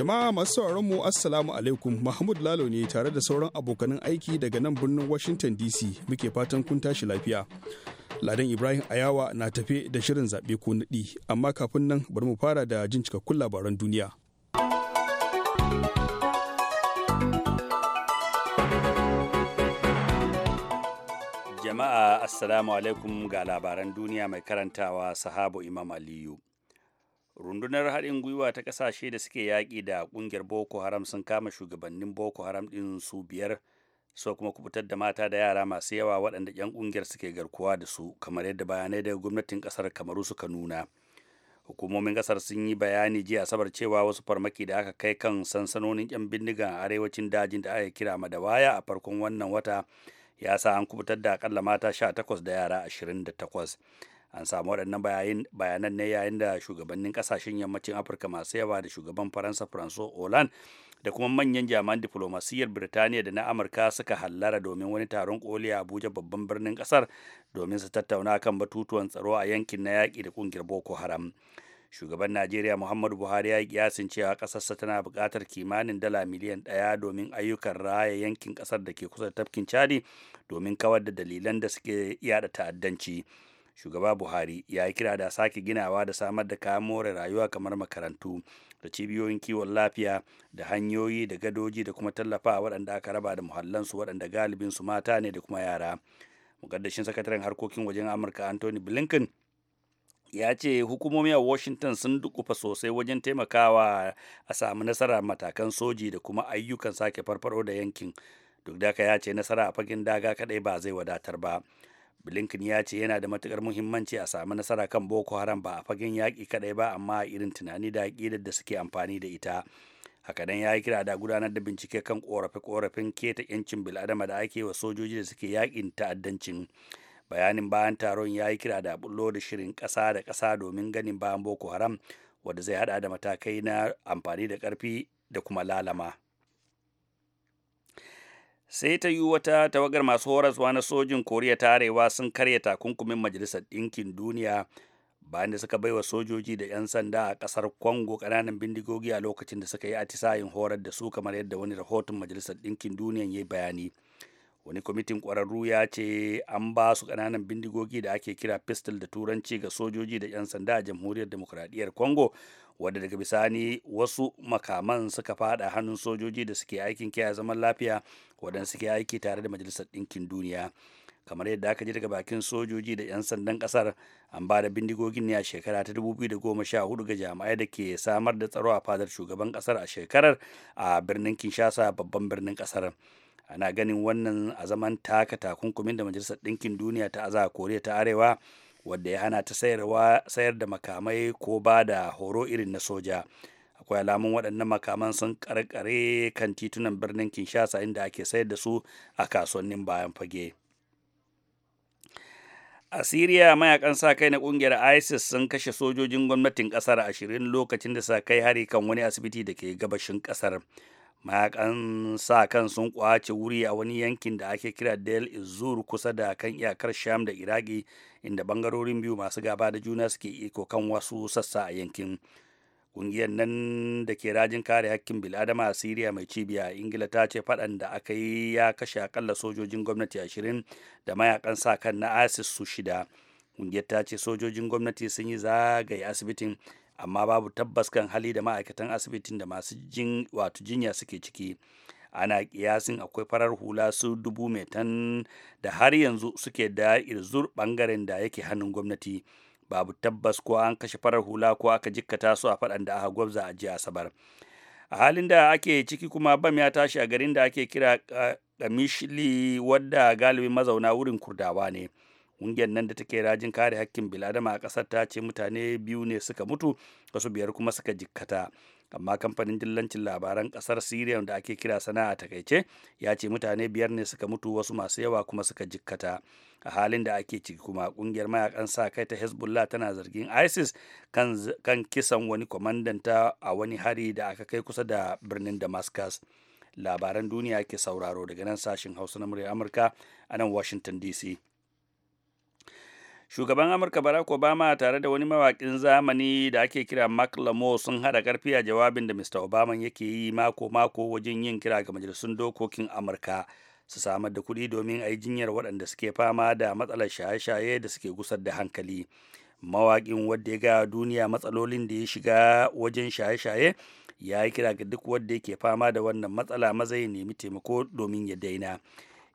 Jama'a masu sauraron mu Assalamu alaikum Mahmud Lalo ne tare da sauran abokanan aiki daga nan birnin Washington DC muke fatan kun tashi lafiya. Ladan Ibrahim Ayawa na tafe da shirin zaɓe ko naɗi amma kafin nan bari mu fara da jin cikakkun labaran duniya. Jama'a Assalamu alaikum ga labaran duniya mai karantawa Sahabu Imam Aliyu. rundunar haɗin gwiwa ta ƙasashe da suke yaƙi da ƙungiyar boko haram sun kama shugabannin boko haram ɗin su biyar so kuma kubutar da mata da yara masu yawa waɗanda ƴan ƙungiyar suke garkuwa da su kamar yadda bayanai daga gwamnatin ƙasar kamaru suka nuna hukumomin ƙasar sun yi bayani jiya asabar cewa wasu farmaki da aka kai kan sansanonin ƴan bindigan a arewacin dajin da aka kira waya a farkon wannan wata ya sa an kubutar da akalla mata 18 da yara 28 an samu waɗannan bayanan ne yayin da shugabannin ƙasashen yammacin afirka masu yawa da shugaban faransa francois hollande da kuma manyan jami'an diflomasiyyar birtaniya da na amurka suka hallara domin wani taron koli a abuja babban birnin ƙasar domin su tattauna kan batutuwan tsaro a yankin na yaƙi da ƙungiyar boko haram shugaban najeriya muhammadu buhari ya yi kiyasin cewa ƙasarsa tana buƙatar kimanin dala miliyan ɗaya domin ayyukan raya yankin ƙasar da ke kusa da tafkin chadi domin kawar da dalilan da suke yada ta'addanci shugaba buhari ya yi kira da sake ginawa da samar da kayan more rayuwa kamar makarantu da cibiyoyin kiwon lafiya da hanyoyi da gadoji da kuma tallafa waɗanda aka raba da muhallansu waɗanda galibin su mata ne da kuma yara mukaddashin sakataren harkokin wajen amurka anthony blinken ya ce hukumomi a washington sun dukufa sosai wajen taimakawa a samu nasara matakan soji da kuma ayyukan sake farfaro da yankin duk da haka ya ce nasara a fagen daga kadai ba zai wadatar ba blinken ya ce yana da matukar muhimmanci a sami nasara kan boko haram ba a fagen yaƙi kadai ba amma irin tunani da aƙidar da suke amfani da ita hakanan ya yi kira da gudanar da bincike kan korafe-korafen keta 'yancin bil'adama da ake wa sojoji da suke yaƙin ta'addancin bayanin bayan taron ya yi kira da bullo da shirin ƙasa da ƙasa domin ganin bayan boko haram wanda zai hada da matakai na amfani da ƙarfi da kuma lalama. sai ta yi wata tawagar masu horaswa na sojin koriya ta arewa sun karya takunkumin majalisar ɗinkin duniya bayan da suka baiwa sojoji da 'yan sanda a ƙasar kwango ƙananan bindigogi a lokacin da suka yi atisayin horar da su kamar yadda wani rahoton majalisar ɗinkin duniya ya yi bayani wani kwamitin ƙwararru ya ce an ba su ƙananan bindigogi da ake kira pistol da turanci ga sojoji da 'yan sanda a jamhuriyar demokuraɗiyyar congo wadda daga bisani wasu makaman suka fada hannun sojoji da suke aikin kiyaye zaman lafiya wadanda suke aiki tare da majalisar ɗinkin duniya kamar yadda aka ji daga bakin sojoji da 'yan sandan kasar an ba da bindigogin ne a shekara ta 2014 ga jami'ai da ke samar da tsaro a fadar shugaban kasar a shekarar a birnin kinshasa babban birnin kasar ana ganin wannan a zaman taka takunkumin da majalisar ɗinkin duniya ta aza koriya ta arewa wadda ya hana ta sayar da makamai ko ba da horo irin na soja akwai alamun waɗannan makaman sun karkare kan titunan birnin kinshasa inda ake sayar da su a kasuwannin bayan fage a siriya mayakan sa kai na kungiyar isis sun kashe sojojin gwamnatin kasar ashirin lokacin da sa kai hari kan wani asibiti da ke gabashin kasar mayakan sa kan sun kwace wuri a wani yankin da ake kira del izur kusa da kan iyakar sham da iraki inda bangarorin biyu masu gaba da juna suke iko kan wasu sassa a yankin kungiyar nan da ke rajin kare hakkin biladama a siriya mai cibiya ingila ta ce faɗan da aka yi ya kashe akalla sojojin gwamnati ashirin da mayakan sa kan na asis su shida kungiyar ta ce sojojin gwamnati sun yi zagaye asibitin amma babu tabbas kan hali da ma'aikatan asibitin da masu jin wato jinya suke ciki ana kiyasin akwai farar hula su dubu metan da har yanzu suke da irzur bangaren da yake hannun gwamnati babu tabbas ko an kashe farar hula ko aka jikkata su a faɗan da aka gwabza a jiya asabar a halin da ake ciki kuma bam ya tashi a garin da ake kira ah, kamishli wadda galibin mazauna wurin kurdawa ne ƙungiyar nan da take rajin kare hakkin biladama a ƙasar ta ce mutane biyu ne suka mutu wasu biyar kuma suka jikkata amma kamfanin dillancin labaran ƙasar syria da ake kira sana'a takaice ya ce mutane biyar ne suka mutu wasu masu yawa kuma suka jikkata a halin da ake ciki kuma kungiyar mayakan sa kai ta hezbollah tana zargin isis kan, kisan wani kwamandanta a wani hari da aka kai kusa da birnin damascus labaran duniya ke sauraro daga nan sashen hausa na murya amurka a nan washington dc shugaban amurka barack obama tare da wani mawakin zamani da ake kira mark lamo sun hada karfi a jawabin da mr obama yake yi mako-mako wajen yin kira ga majalisun dokokin amurka su samar da kuɗi domin a yi jinyar waɗanda suke fama da matsalar shaye-shaye da suke gusar da hankali mawaƙin wadda ya ga duniya matsalolin da ya shiga wajen shaye-shaye ya yi kira ga duk wanda yake fama da wannan matsala mazai ya nemi taimako domin ya daina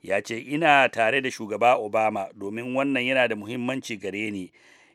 ya ce ina tare da shugaba obama domin wannan yana da muhimmanci gare ni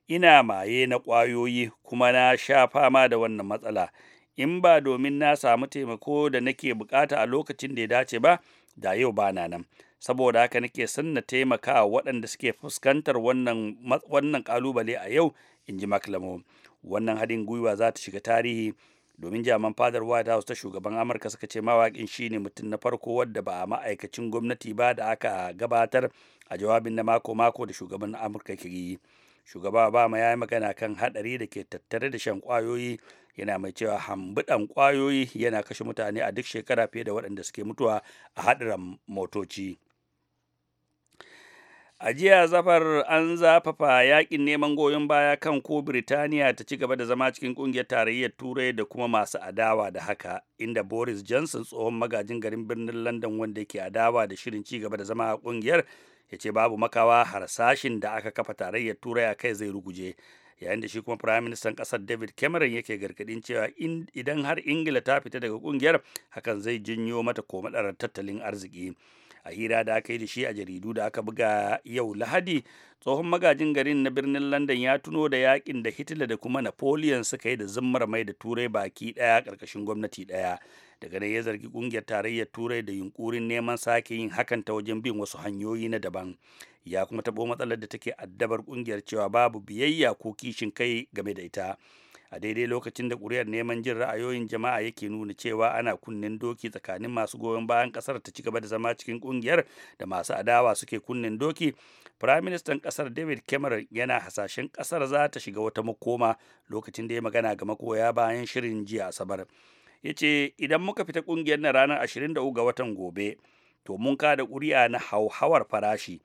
ina maye na ƙwayoyi kuma na sha fama da wannan matsala in ba domin na samu taimako da nake bukata a lokacin da ya dace ba da yau bana nan saboda haka nake son na taimaka waɗanda suke fuskantar wannan wannan kalubale a yau in ji maklamo wannan haɗin gwiwa za ta shiga tarihi domin jaman fadar white house ta shugaban amurka suka ce mawaƙin shine mutum na farko wadda ba a ma'aikacin gwamnati ba da aka gabatar a jawabin na mako-mako da shugaban amurka ke shugaba obama ya yi magana kan haɗari da ke tattare da shan kwayoyi yana mai cewa hambudan kwayoyi yana kashe mutane a duk shekara fiye da waɗanda suke mutuwa a motoci. A jiya zafar an zafafa yakin neman goyon baya kan ko Birtaniya ta ci gaba da zama cikin kungiyar tarayyar Turai da kuma masu adawa da haka, inda Boris Johnson tsohon magajin garin birnin London wanda yake adawa da shirin ci gaba da zama a kungiyar ya ce babu makawa harsashin da aka kafa tarayyar Turai a kai zai ruguje. Yayin da shi kuma Prime Minister kasar David Cameron yake gargaɗin cewa idan har Ingila ta fita daga kungiyar hakan zai janyo mata komadar tattalin arziki. a hira da aka yi da shi a jaridu da aka buga yau lahadi tsohon magajin garin na birnin london ya tuno da yakin da hitler da kuma napoleon suka yi da zimmar mai da turai baki daya karkashin gwamnati daya daga nan ya zargi kungiyar tarayyar turai da yunkurin neman sake yin hakan ta wajen bin wasu hanyoyi na daban ya kuma taɓo matsalar da take addabar kungiyar cewa babu biyayya ko kishin kai game da ita a daidai lokacin da ƙuri'ar neman jin ra'ayoyin jama'a yake nuna cewa ana kunnen doki tsakanin masu goyon bayan ƙasar ta ci gaba da zama cikin ƙungiyar da masu adawa suke kunnen doki minister ƙasar david cameron yana hasashen ƙasar za ta shiga wata makoma lokacin da ya magana ga makoya bayan shirin jiya asabar ya ce idan muka fita ƙungiyar na ranar 23 ga watan gobe to mun kada ƙuri'a na hauhawar farashi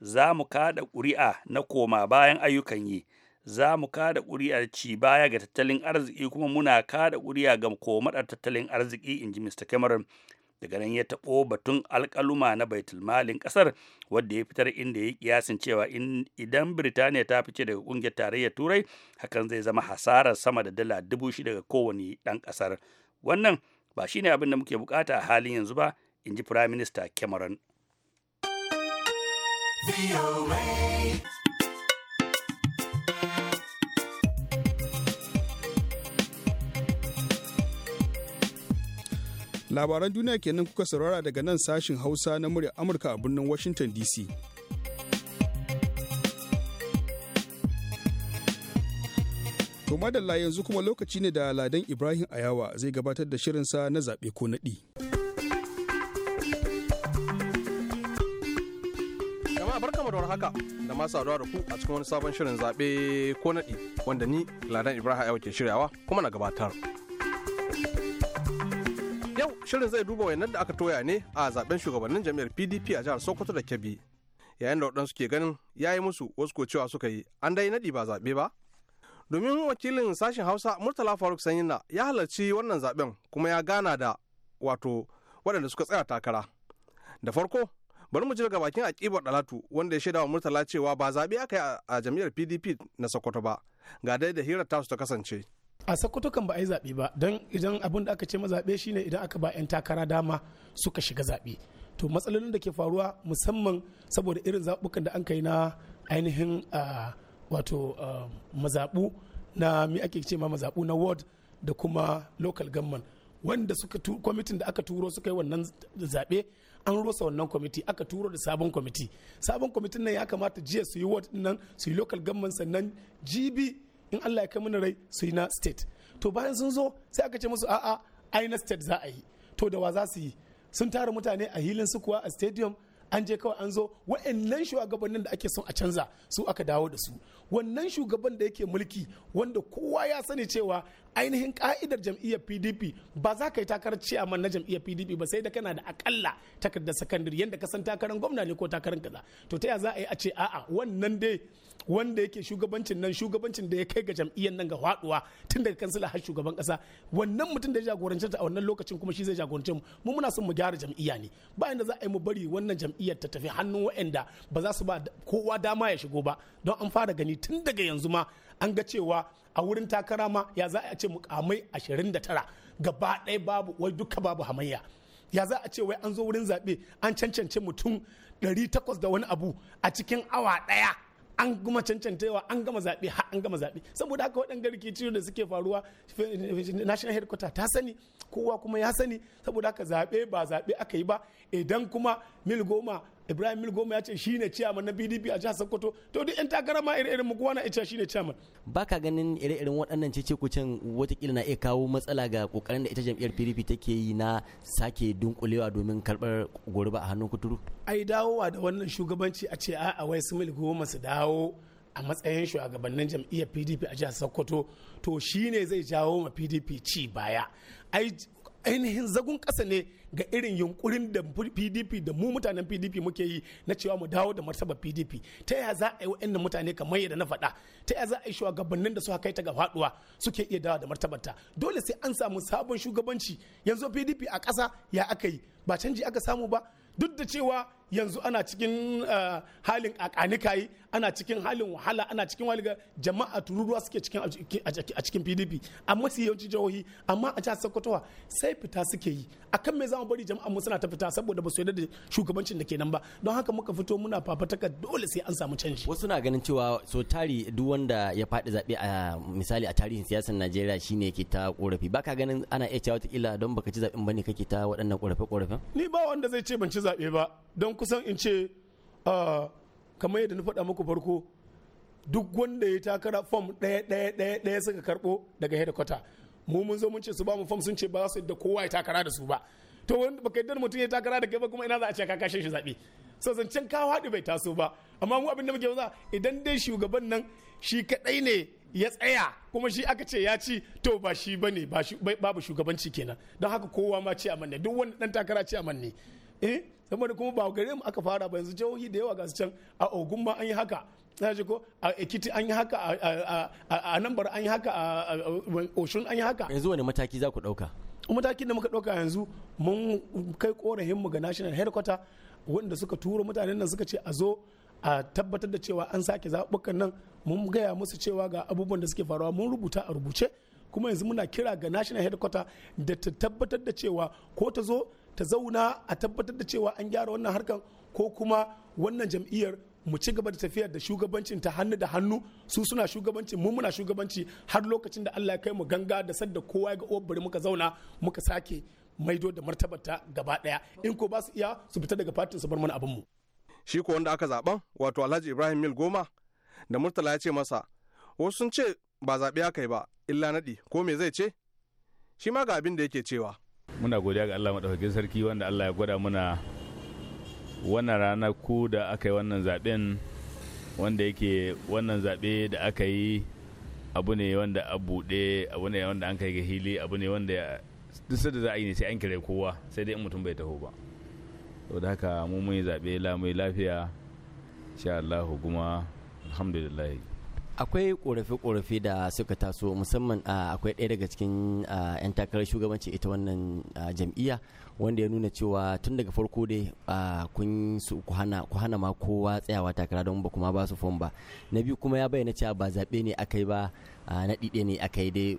za mu kada ƙuri'a na koma bayan ayyukan yi za mu kada kuri'ar ci baya ga tattalin arziki kuma muna kada ƙuri'a ga komadar tattalin arziki in ji Mr. Cameron. Daga nan ya taɓo batun alkaluma na baitulmalin kasar wadda ya fitar inda ya kiyasin cewa idan Birtaniya ta fice daga ƙungiyar tarayyar Turai hakan zai zama hasarar sama da dala dubu shi daga kowane ɗan ƙasar. Wannan ba shine abin da muke bukata a halin yanzu ba, in ji Prime Minister Cameron. labaran duniya kenan kuka saurara daga nan sashin hausa na murya amurka a birnin washington dc to madalla yanzu kuma lokaci ne da ladan ibrahim ayawa zai gabatar da shirinsa na zaɓe ko naɗi jama'a da haka da ma saduwa da ku a cikin wani sabon shirin zaɓe ko naɗi wanda ni ladan ibrahim ayawa ke shiryawa kuma na gabatar Shirin zai duba wayannan da aka toya ne a zaben shugabannin jam'iyyar PDP a jihar Sokoto da Kebbi. Yayin da waɗansu ke ganin ya yi musu wasu ko cewa suka yi an dai naɗi ba zaɓe ba. Domin wakilin sashen Hausa Murtala Faruk Sanyina ya halarci wannan zaben kuma ya gana da wato waɗanda suka tsaya takara. Da farko bari mu ji daga bakin akibar dalatu wanda ya shaida wa murtala cewa ba zaɓe aka yi a jam'iyyar pdp na sokoto ba ga dai da hirar tasu ta kasance a sakoto kan ba a yi zaɓe ba don idan abin da aka ce mazaɓe shine idan aka ba 'yan takara dama suka shiga zaɓe to matsalolin da ke faruwa musamman saboda irin zaɓukan da an kai na ainihin wato mazaɓu na mi ake ce ma mazaɓu na ward da kuma local government wanda suka kwamitin da aka turo suka yi wannan zaɓe an rusa wannan kwamiti aka turo da sabon kwamiti sabon kwamitin nan ya kamata jiya su yi ward nan su yi local government sannan jibi in Allah ya kai mana rai su yi na state to bayan sun zo sai aka ce musu a'a ai na state za a yi to da wa za su yi sun tara mutane a hilin su kuwa a stadium an je kawai an zo wa'annan shugabannin da ake son a canza su aka dawo da su wannan shugaban da yake mulki wanda kowa ya sani cewa ainihin ka'idar jam'iyyar pdp ba za ka yi takarar a na jam'iyyar pdp ba sai da kana da akalla takardar sakandare yadda ka san takarar gwamna ne ko takarar kaza to ta ya za a yi a ce a'a wannan dai wanda yake shugabancin nan shugabancin da ya kai ga jam'iyyar nan ga haɗuwa tun daga kansila har shugaban kasa wannan mutum da ya jagoranci ta a wannan lokacin kuma shi zai jagorance mu mu muna son mu gyara jam'iyya ne ba inda za a yi mu bari wannan jam'iyyar ta tafi hannun waɗanda ba za su ba kowa dama ya shigo ba don an fara gani tun daga yanzu ma an ga cewa a wurin takara ma ya za a ce mukamai 29 gaba ɗaya babu wai duka babu hamayya ya za a ce wai an zo wurin zaɓe an cancance mutum 800 da wani abu a cikin awa ɗaya an gama cancantawa an gama zaɓe har an gama zaɓe saboda haka waɗanda rikici da suke faruwa national headquarter ta sani kowa kuma ya sani saboda haka zaɓe ba zaɓe aka yi ba idan kuma mil goma ibrahim mil ya ce shine ciyaman na pdp a jihar sokoto to duk yan takara ma ire-iren mu kowa na ne shine ciyaman baka ganin ire-iren waɗannan cece kucin watakila na iya kawo matsala ga kokarin da ita jam'iyyar pdp take yi na sake dunkulewa domin karɓar goruba a hannun kuturu ai dawowa da wannan shugabanci a ce a wai su mil su dawo a matsayin shugabannin jam'iyyar pdp a jihar sokoto to shi ne zai jawo ma pdp ci baya ai ainihin zagun ƙasa ne ga irin yunkurin da pdp da mu mutanen pdp muke yi na cewa mu dawo da martaba pdp ta yaya za a yi wa'annan mutane kamar yadda na faɗa ta yaya za a yi shugabannin da suka kai ta ga faɗuwa suke iya dawo da martabarta dole sai an samu sabon shugabanci yanzu pdp a ƙasa ya aka yi ba canji aka samu ba duk da cewa yanzu ana cikin eh, halin akanikayi ana cikin halin wahala ana cikin waliga jama'a tururuwa suke cikin a cikin pdp amma su yawanci jihohi amma a jihar sokotowa sai fita suke yi akan me zamu bari jama'a mu suna ta fita saboda ba su yarda da shugabancin da ke nan ba don haka muka fito muna fafataka dole sai an samu canji wasu na ganin cewa so tari duk wanda ya faɗi zaɓe a misali a tarihin siyasar najeriya shine yake ta korafi baka ganin ana iya cewa wata don baka ci zaɓen bane kake ta waɗannan korafe korafe ni ba wanda zai ce ban ci zaɓe ba don kusan in ce ah, kamar yadda na faɗa muku farko duk wanda ya takara fom ɗaya ɗaya ɗaya ɗaya suka karɓo daga hedikwata mu mun zo mun ce su ba mu fom sun ce ba su da kowa ya takara da su ba to wanda baka yadda mutum ya takara da kai ba kuma ina za a ce ka kashe shi zaɓe so zancen ka haɗu bai taso ba amma mu abin da muke za idan dai shugaban nan shi kaɗai ne ya tsaya kuma shi aka ce ya ci to ba shi ba ne babu shugabanci kenan don haka kowa ma ci a manne duk wanda ɗan takara ci a manne eh da kuma ba gare mu aka fara ba yanzu jihohi da yawa gasu can a ogun ma an yi haka na ko a ekiti an yi haka a nambar an yi haka a oshun an yi haka yanzu wani mataki za ku dauka matakin da muka dauka yanzu mun kai korahin mu ga national headquarter wanda suka turo mutanen nan suka ce a zo a tabbatar da cewa an sake zaɓuɓɓukan nan mun gaya musu cewa ga abubuwan da suke faruwa mun rubuta a rubuce kuma yanzu muna kira ga national headquarter da ta tabbatar da cewa ko ta zo ta zauna a tabbatar da cewa an gyara wannan harkan ko kuma wannan jam'iyyar mu ci gaba da tafiyar da shugabancin ta hannu da hannu su suna shugabanci mu muna shugabanci har lokacin da Allah ya kai mu ganga da sadda kowa ga uwar oh, muka zauna muka sake maido da martabarta gaba daya in ko ba su iya su fita daga fatin su bar mana abin mu shi ko wanda aka zaben wato Alhaji Ibrahim Mil Goma da Murtala ya ce masa wasu sun ce ba zabe aka yi ba illa naɗi ko me zai ce shi ma ga abin da yake cewa muna godiya ga Allah madaukakin sarki wanda Allah ya gwada muna wannan rana ku da aka yi wannan zaɓen wanda yake wannan zaɓe da aka yi abu ne wanda a buɗe abu ne wanda an kai ga hili abu ne wanda duk da za a yi ne sai an kira kowa sai dai in mutum bai taho ba da haka mu mun yi zaɓe la mai lafiya sha Allahu kuma alhamdulillah akwai ƙorafe ƙorafe da suka taso musamman ah, akwai ɗaya daga cikin 'yan ah, takarar shugabanci ita wannan ah, jam'iyya wanda ya nuna cewa tun daga farko dai kun su ku hana ma kowa tsayawa takara don ba kuma ba su fom ba na biyu kuma ya bayyana cewa ba zaɓe ne aka yi ba na ɗiɗe ne aka yi dai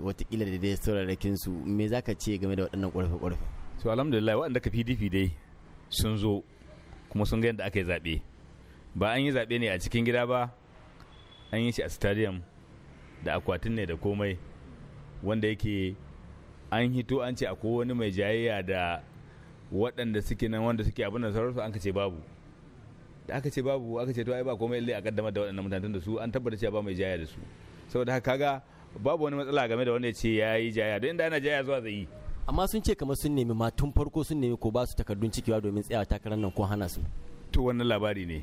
watakila da dai saurarakin su me za ka ce game da waɗannan ƙorafe ƙorafe. to alhamdulillah waɗanda ka pdp dai sun zo kuma sun ga yadda aka yi zaɓe ba an yi zaɓe ne a cikin gida ba an yi shi a stadium da akwatin ne da komai wanda yake an hito an ce akwai wani mai jayayya da waɗanda suke nan wanda suke abin da sauransu an ce babu da aka ce babu aka ce to ai ba komai illai a kaddamar da waɗannan mutanen da su an tabbata cewa ba mai jayayya da su saboda haka kaga babu wani matsala game da wanda ya ce ya yi jayayya don inda ana jayayya zuwa zai yi amma sun ce kamar sun nemi ma tun farko sun nemi ko ba su takardun cikewa domin tsayawa takarar nan ko hana su to wannan labari ne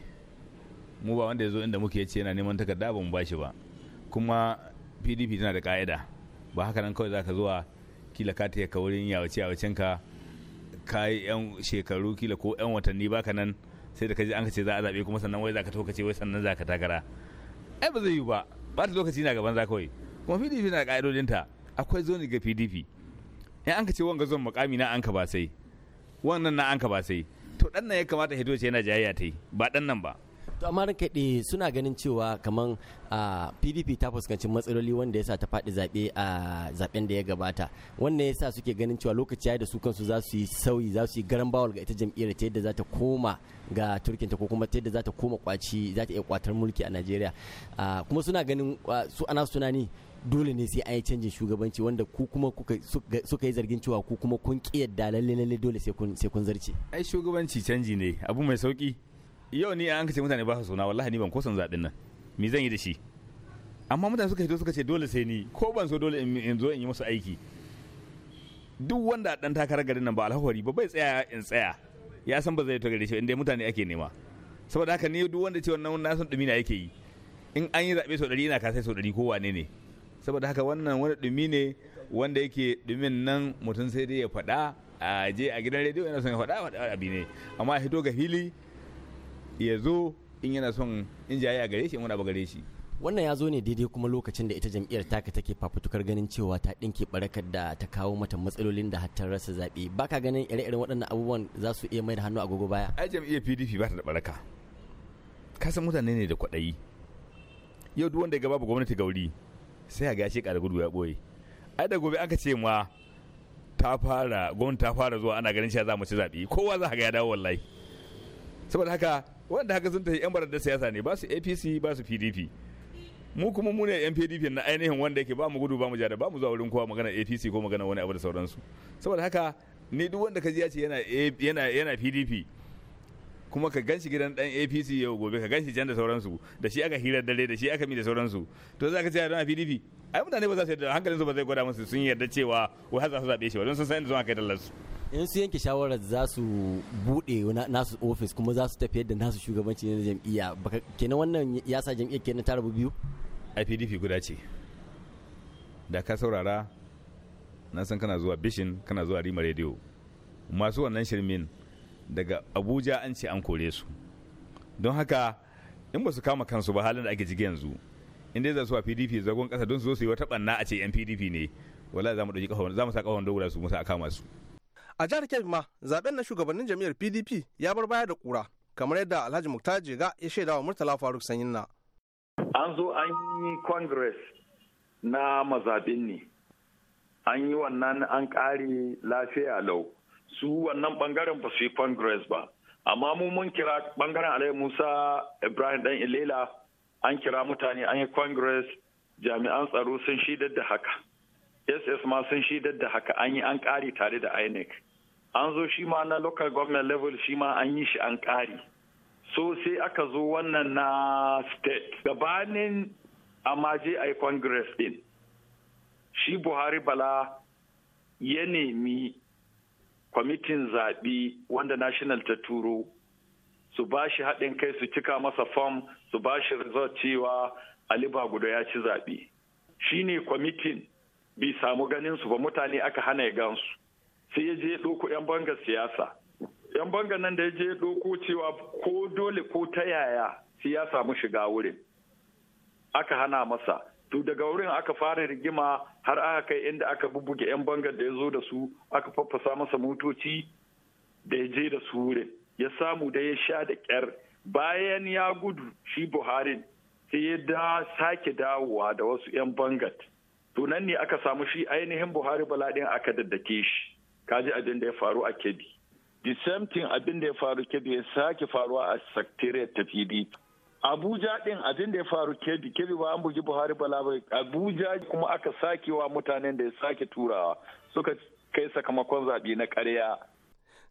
mu ba wanda ya zo inda muke ya ce yana neman takarda ba mu bashi ba kuma pdp tana da ka'ida ba haka nan kawai za ka zuwa kila ka taya ka wurin yawace yawacen ka ka yi yan shekaru kila ko yan watanni ba ka nan sai da ka ji an ka ce za a zaɓe kuma sannan wai za ka tokace ce wai sannan za ka takara ai ba zai yi ba ba ta lokaci na gaban za kawai kuma pdp na ka'idodinta akwai zoni ga pdp in an ka ce wanga zon mukami na an ka ba sai wannan na an ka ba sai to dan nan ya kamata hito ce yana jayayya ta yi ba dan nan ba to amma suna ganin cewa kamar pdp ta fuskanci matsaloli wanda ya sa ta faɗi zaɓe a zaɓen da ya gabata wannan ya sa suke ganin cewa lokaci ya da su kansu za su yi sauyi za su yi garan bawal ga ita jam'iyyar ta yadda za ta koma ga turkinta ko kuma ta yadda za ta koma kwaci za ta iya kwatar mulki a najeriya kuma suna ganin su ana tunani dole ne sai an yi canjin shugabanci wanda ku kuma suka yi zargin cewa ku kuma kun ƙi yadda lalle lalle dole sai kun zarce ai shugabanci canji ne abu mai sauki yau ni an kace mutane ba su suna wallahi ni ban kosan zaɓen nan me zan yi da shi amma mutane suka hito suka ce dole sai ni ko ban so dole in zo in yi musu aiki duk wanda ɗan takarar garin nan ba alhawari ba bai tsaya in tsaya ya san ba zai to gare shi inda mutane ake nema saboda haka ni duk wanda ce wannan na san dumi na yake yi in an yi zaɓe sau ɗari ina kasai sau ɗari ko wane ne saboda haka wannan wani dumi ne wanda yake dumin nan mutum sai dai ya faɗa a je a gidan rediyo yana son ya faɗa a abi ne amma hito ga fili ya zo in yana son in a gare shi in wani abu gare shi wannan ya zo ne daidai kuma lokacin da ita jam'iyyar taka take fafutukar ganin cewa ta ɗinke barakar da ta kawo mata matsalolin da hatta rasa zaɓe ba ka ganin ire-iren waɗannan abubuwan za su iya mai da hannu agogo baya ai jam'iyyar pdp ba ta da baraka ka san mutane ne da kwaɗayi yau duk wanda ya gaba gwamnati gauri sai a gashi ƙara gudu ya ɓoye ai da gobe aka ce ma ta fara gwamnati ta fara zuwa ana ganin cewa za mu ci zaɓe kowa za ka ga ya dawo wallahi saboda haka wanda haka sun tafi yan barar da siyasa ne ba su apc ba su pdp mu kuma mu ne yan pdp na ainihin wanda yake ba mu gudu ba mu jada ba mu zuwa wurin kowa magana apc ko magana wani abu da sauransu saboda haka ni duk wanda ka ji ya ce yana yana pdp kuma ka ganshi gidan dan apc yau gobe ka ganshi jan da sauransu da shi aka hirar dare da shi aka mi da sauransu to za ka ce yana pdp ai mutane ba za su yarda hankalinsu ba zai gwada musu sun yarda cewa wai har za su zaɓe shi ba don sun san inda zuwa kai dallarsu in su yanke shawarar za su bude nasu ofis kuma za su tafi yadda nasu shugabanci na jam'iyya kenan wannan ya sa jam'iyyar kenan ta rabu biyu a pdp guda ce da ka saurara na san kana zuwa bishin kana zuwa rima rediyo masu wannan shirmin daga abuja an ce an kore su don haka in ba su kama kansu ba halin da ake jige yanzu in dai za su a pdp zagon kasa don su zo su yi wata banna a ce yan pdp ne wala za mu ɗauki za mu sa kafan dogara su musa a kama su a jihar kebbi ma zaben na shugabannin jami'ar pdp ya bar baya da kura kamar yadda alhaji muktar jega ya shaida wa murtala faruk sanyinna an zo an yi congress na mazaɓin ne an yi wannan an kare lafiya lau su wannan bangaren ba su yi congress ba amma mu mun kira bangaren alayi musa ibrahim dan ilela an kira mutane an yi congress jami'an tsaro sun shidar da haka ss ma sun shaidar da haka an yi an ƙari tare da inec an zo shi ma na local government level shi ma an yi shi an ƙari so sai aka zo wannan na state gabanin amaje je a yi congress din shi buhari bala ya nemi kwamitin zaɓi wanda national ta turo su ba shi haɗin kai su cika masa fam su ba shi result cewa ali guda ya ci zaɓe shi ne kwamitin bi samu ganin su ba mutane aka hana ya gansu sai ya je doko yan banga siyasa yan banga nan da ya je doko cewa ko dole ko ta yaya sai ya samu shiga wurin aka hana masa to daga wurin aka fara rigima har aka kai inda aka bubbuge yan banga da ya zo da su aka faffasa masa motoci da ya je da su wurin ya samu da ya sha da kyar bayan ya gudu shi buhari sai ya da sake dawowa da wasu yan bangat to ne aka samu shi ainihin buhari bala din aka daddake shi kaji abin da ya faru a kebbi the same thing abin da ya faru kebbi ya sake faruwa a secretariat ta pdp abuja din abin da ya faru kebbi kebbi ba an bugi buhari bala ba abuja kuma aka sakewa mutanen da ya sake turawa suka kai sakamakon zaɓe na karya.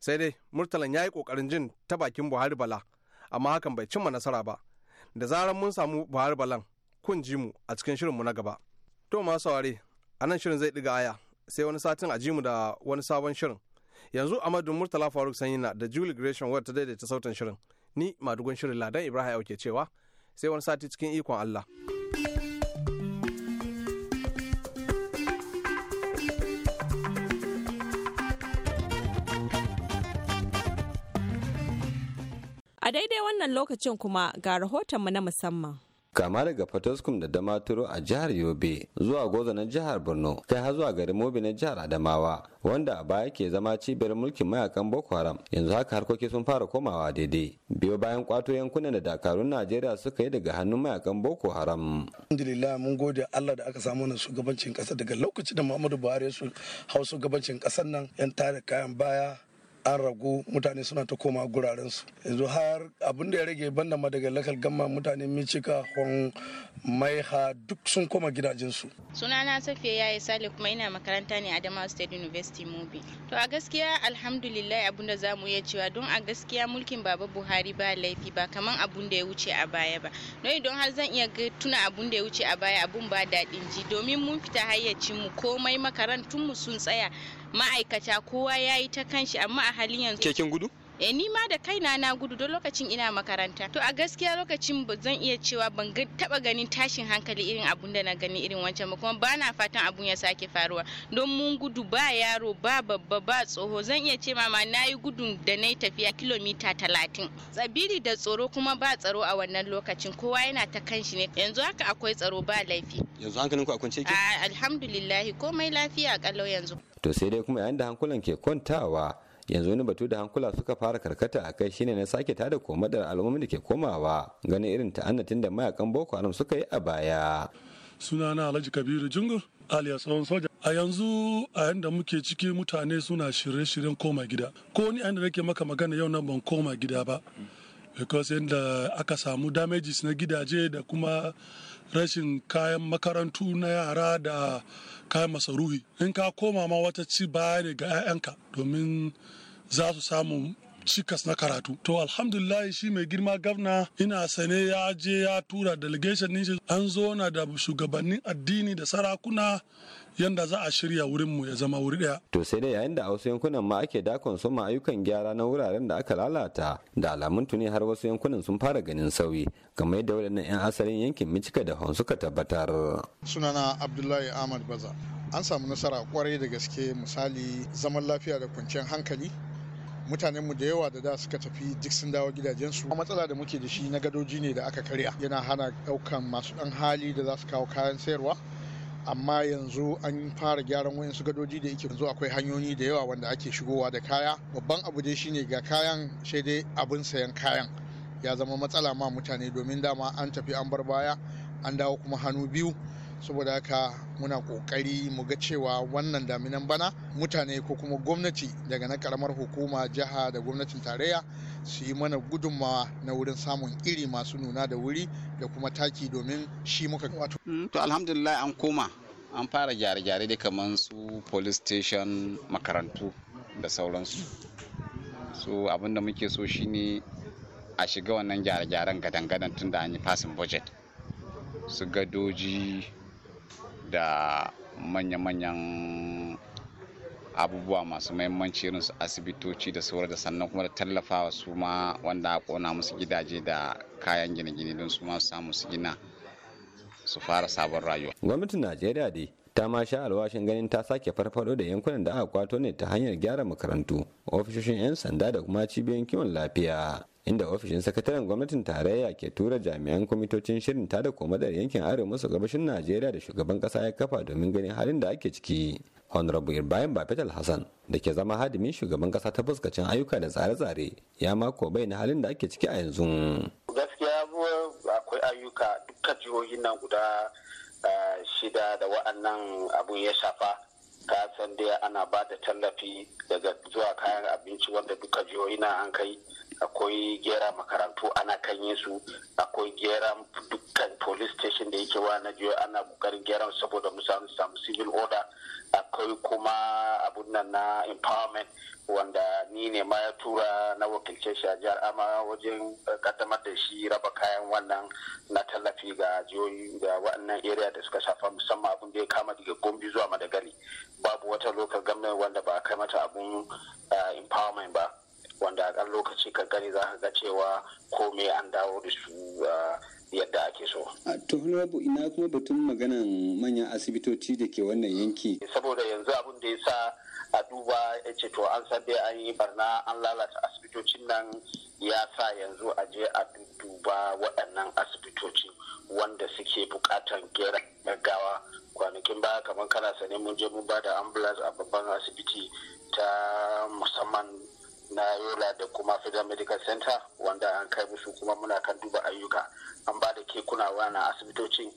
sai dai murtalan ya yi ƙoƙarin jin ta bakin buhari bala amma hakan bai cimma nasara ba da zarar mun samu buhari balan kun ji mu a cikin shirinmu na gaba To masu saurare, a nan shirin zai ɗiga aya, sai wani satin a mu da wani sabon shirin. Yanzu Amadu Murtala Faruk Sanyina da Julie Gresham Ward ta daidaita sautin shirin. Ni madugun shirin Ladan Ibrahim ke cewa sai wani sati cikin ikon Allah. A daidai wannan lokacin kuma ga rahoton rahotonmu na musamman. kama daga Fatoskum da Damaturu a jihar Yobe zuwa Goza na jihar Borno kai har zuwa garin Mobi na jihar Adamawa wanda a baya ke zama cibiyar mulkin mayakan Boko Haram yanzu haka harkoki sun fara komawa daidai biyo bayan kwato yankunan da dakarun Najeriya suka yi daga hannun mayakan Boko Haram. Alhamdulillah mun gode Allah da aka samu na shugabancin kasa daga lokacin da Muhammadu Buhari ya hau shugabancin kasar nan yan tare kayan baya an ragu mutane suna ta koma gurarensu yanzu har abin da ya rage banda lakal gamma mutane micika hon ha duk sun koma gidajensu sunana safiya yayi sale kuma ina makaranta ne adamawa state university mobi to a gaskiya alhamdulillah abin da za mu iya cewa don a gaskiya mulkin baba buhari ba laifi ba kaman abun da ya wuce a baya ba noi don har zan iya tuna abun da ya wuce a baya abun ba daɗin ji domin mun fita hayyacin mu komai makarantun mu sun tsaya ma'aikata kowa ya yi ta kanshi amma a halin yanzu. Kekin gudu? eh ni ma da kaina na gudu don lokacin ina makaranta to a gaskiya lokacin zan iya cewa ban taba ganin tashin hankali irin abun da na gani irin wancan ba kuma bana fatan abun ya sake faruwa don mun gudu ba yaro ba babba ba tsoho zan iya ce mama na yi gudun da na yi tafiya kilomita talatin tsabiri da tsoro kuma ba tsaro a wannan lokacin kowa yana ta kan shi ne yanzu haka akwai tsaro ba laifi yanzu hankalin ku a kwance ke ah, alhamdulillah komai lafiya kalau yanzu to sai dai kuma yayin da hankulan ke kwantawa yanzu wani batu da hankula suka fara karkata a kai shine na sake tada komadar al'ummomin da ke komawa ganin irin ta'annatin da mayakan boko haram suka yi a baya suna na alhaji kabiru jungur alias tsawon soja a yanzu a yanda muke ciki mutane suna shirye-shiryen koma gida ko ni yanda nake maka magana yau nan ban koma gida ba because yanda aka samu damages na gidaje da kuma rashin kayan makarantu na yara da kayan masaruhi in ka koma ma wata ci baya ne ga 'ya'yanka domin za su samu cikas na karatu. To alhamdulillah shi mai girma gavna ina sane ya je ya tura delegation ninshi an zo na da shugabannin addini da sarakuna yanda za a shirya wurinmu ya zama wuri daya. To sai dai yayin da a wasu yankunan ma ake dakon su ayyukan gyara na wuraren da aka lalata da alamun tuni har wasu yankunan sun fara ganin sauyi kamar yadda waɗannan 'yan asalin yankin Micika da Hon suka tabbatar. Sunana Abdullahi Ahmad Baza. An samu nasara kwarai da gaske misali zaman lafiya da kwanciyar hankali mutanen mu da yawa da za suka tafi duk sun dawo gidajensu matsala da muke da shi na gadoji ne da aka karya yana hana daukan masu dan hali da za su kawo kayan sayarwa amma yanzu an fara gyaran su gadoji da yake yanzu akwai hanyoyi da yawa wanda ake shigowa da kaya babban abu dai shine ga kayan sai dai abin sayan kayan ya zama matsala ma mutane domin dama an tafi an bar baya an dawo kuma hannu biyu saboda haka muna kokari mu ga cewa wannan daminan bana mutane ko kuma gwamnati daga na karamar hukuma jiha da gwamnatin tarayya su yi mana gudunmawa na wurin samun iri masu nuna da wuri da kuma taki domin shi muka wato mm, to alhamdulillah an koma an fara gyare-gyare da kamar su police station makarantu da sauransu so abin da muke so shine a shiga wannan gyare-gyaren gadan-gadan tun an yi fasin budget su gadoji da manya-manyan abubuwa masu mahimmanci irin su asibitoci da sauran da sannan kuma da tallafawa su ma wanda a kona musu gidaje da kayan gine-gine don su ma su samu su gina su fara sabon rayuwa. Gwamnatin Najeriya dai ta ma sha alwashin ganin ta sake farfado da yankunan da aka kwato ne ta hanyar gyara makarantu, ofishoshin 'yan sanda da kuma cibiyoyin kiwon lafiya. inda ofishin sakataren gwamnatin tarayya ke tura jami'an kwamitocin shirin ta da komadar yankin arewa maso gabashin najeriya da shugaban kasa ya kafa domin ganin halin da ake ciki honorable ibrahim bafetal hassan da ke zama hadimin shugaban kasa ta fuskacin ayyuka da tsare-tsare ya mako bai na halin da ake ciki a yanzu gaskiya akwai ayyuka dukkan jihohin nan guda ah, shida da wa'annan abun ya shafa ka san dai ana ba da tallafi daga zuwa kayan abinci wanda duka jihohi na an kai akwai gera makarantu ana kanye su akwai gera dukkan police station da yake wa na jiyo ana kokarin gera saboda mu samu samu civil order akwai kuma abun nan na empowerment wanda ni ne ma ya tura na wakilce shi a jihar ama wajen eh, kaddamar da shi raba kayan wannan na tallafi ga jihohi da waɗannan area da suka shafa musamman abun da ya kama daga gombe zuwa madagali babu wata lokal gwamnati wanda ba a kai mata abun eh, empowerment ba wanda a kan lokaci kankani za ka ga cewa komai an dawo da su ah, yadda ake so. A to honorable ina kuma batun maganan manyan asibitoci da ke wannan yanki. Saboda yanzu abin da ya sa a duba ya ce to an san dai an yi barna an lalata asibitocin nan ya sa yanzu a je a duba waɗannan asibitoci wanda suke buƙatar gera gaggawa kwanakin ba kamar kana sane mun je mun ba da ambulance a babban asibiti ta musamman na yola da kuma federal medical center wanda an kai musu kuma muna kan duba ayyuka an ba da kekuna wana asibitocin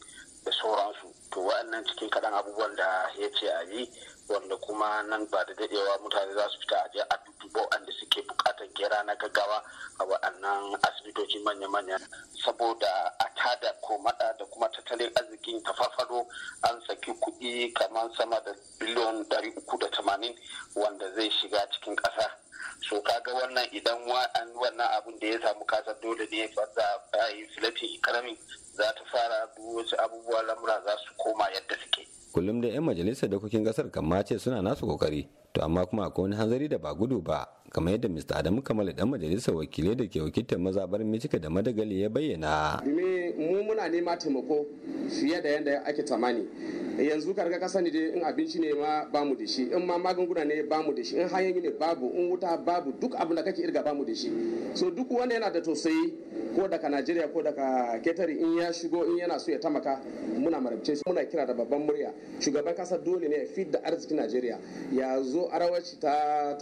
da sauransu to wa'annan cikin kaɗan abubuwan da ya ce a yi wanda kuma nan ba da daɗewa mutane za su fita a je a dubo wanda suke buƙatar gera na gaggawa a wa'annan asibitoci manya-manya saboda a tada ko mada da kuma tattalin arzikin tafafado an saki kuɗi kamar sama da biliyon 380 wanda zai shiga cikin ƙasa so kaga wannan idan wannan abun da ya samu kasar dole ne za a yi filafin karamin za ta fara duk wasu abubuwa lamura za su koma yadda suke kullum da 'yan majalisar dokokin kasar kan ce suna nasu kokari to amma kuma akwai wani hanzari da ba gudu ba kamar yadda Mr. Adamu Kamal dan majalisar wakilai da ke wakiltar mazabar Michigan da Madagali ya bayyana. mu muna nema taimako fiye da yadda ake tamani. Yanzu karga ka sani dai in abinci ne ma mu da shi, in ma magunguna ne bamu da shi, in hanyoyi ne babu, in wuta babu, duk abin da kake irga bamu da shi. So duk wanda yana da tausayi ko daga Najeriya ko daga ketare in ya shigo in yana so ya tamaka muna marabce muna kira da babban murya. Shugaban kasa dole ne ya fit da arzikin Najeriya ya zo ta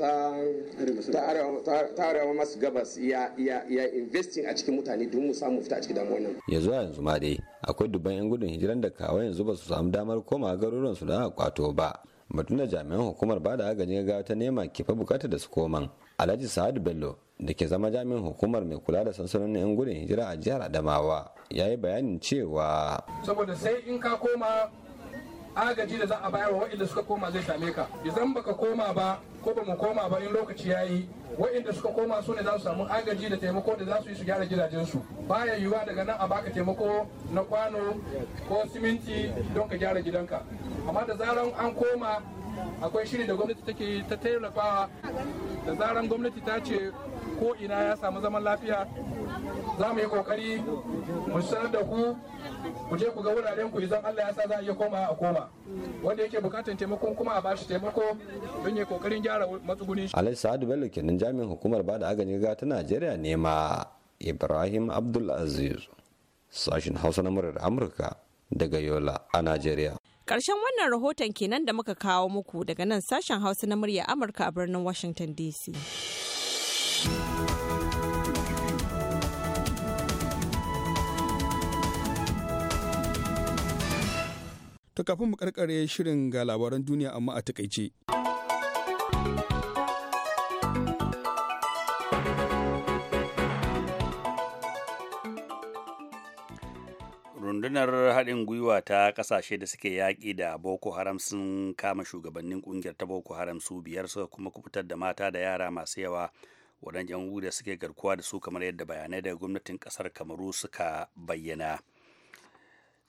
arewa masu gabas ya investing a cikin mutane don mu samu fita a cikin damuwa nan Yanzu a yanzu ma dai akwai dubban yan gudun hijiran da kawai yanzu ba su samu damar koma garuruwan su da aka kwato ba batun da jami'an hukumar ba da agajin ga ta nema ke fa bukatar da su koman alhaji sa'ad bello da ke zama jami'in hukumar mai kula da sansanonin 'yan gudun hijira a jihar adamawa ya yi bayanin cewa saboda sai in ka koma agaji da za a bayar wa waɗanda suka koma zai same ka idan baka koma ba ko ba mu koma ba in lokaci ya yi waɗanda suka koma su ne za su samu agaji da taimako da za su yi su gyara gidajensu baya yiwuwa daga nan a baka taimako na kwano ko siminti don ka gyara gidanka amma da zaran an koma akwai shiri da gwamnati take ta tallafawa da zaran gwamnati ta ce ko ina ya samu zaman lafiya za mu yi kokari mu sanar da ku ku je ku ga wuraren ku idan Allah ya sa za a iya koma a koma wanda yake bukatar taimakon kuma a bashi taimako don ya kokarin gyara matsugunin shi Alhaji Sa'adu Bello kenan jami'in hukumar bada agani ga ta Najeriya ne ma Ibrahim Abdul Aziz sashin Hausa na murar Amurka daga Yola a Najeriya Karshen wannan rahoton kenan da muka kawo muku daga nan sashen Hausa na murya Amurka a birnin Washington DC. To kafin mu karkare shirin ga labaran duniya amma a takaice. rundunar haɗin gwiwa ta ƙasashe da suke yaƙi da boko haram sun kama shugabannin ƙungiyar ta boko haram su biyar suka kuma kubutar da mata da yara masu yawa waɗanda 'yan da suke garkuwa da su kamar yadda bayanai daga gwamnatin ƙasar kamaru suka bayyana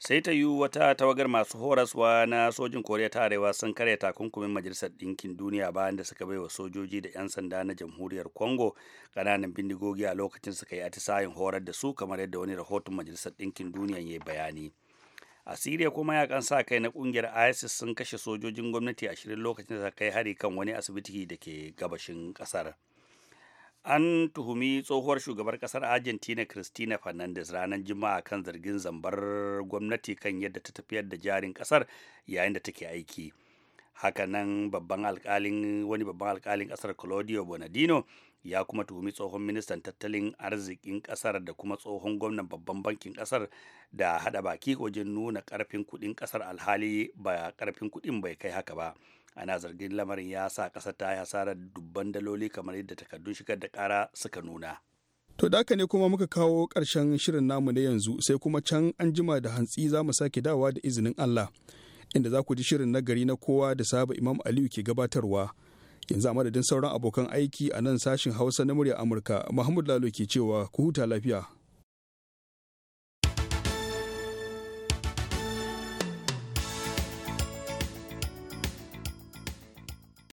sai ta yi wata tawagar masu horaswa na sojin koriya ta arewa sun karya takunkumin majalisar ɗinkin duniya bayan da suka baiwa sojoji da 'yan sanda na jamhuriyar congo ƙananan bindigogi a lokacin suka yi atisayin horar da su kamar yadda wani rahoton majalisar ɗinkin duniya ya bayani a siriya kuma yakan sa kai na kungiyar isis sun kashe sojojin gwamnati ashirin lokacin da ta kai hari kan wani asibiti da ke gabashin ƙasar. an tuhumi tsohuwar shugabar kasar argentina cristina fernandez ranar jima'a kan zargin zambar gwamnati kan yadda ta tafiyar da jarin kasar yayin da take aiki hakanan babban alkalin wani babban alkalin kasar claudio bonadino ya kuma tuhumi tsohon ministan tattalin arzikin kasar da kuma tsohon gwamnan babban bankin kasar da hada baki wajen nuna karfin kudin kasar alhali ba karfin kudin bai kai haka ba ana zargin lamarin ya sa ƙasa ta hasarar dubban daloli kamar yadda takardun shigar da kara suka nuna to da ne kuma muka kawo ƙarshen shirin namu na yanzu sai kuma can an jima da hantsi za mu sake dawa da izinin allah inda za ku ji shirin na gari na kowa da saba imam aliyu ke gabatarwa yanzu a madadin sauran abokan aiki a nan sashin hausa na murya amurka mahmud lalo ke cewa ku huta lafiya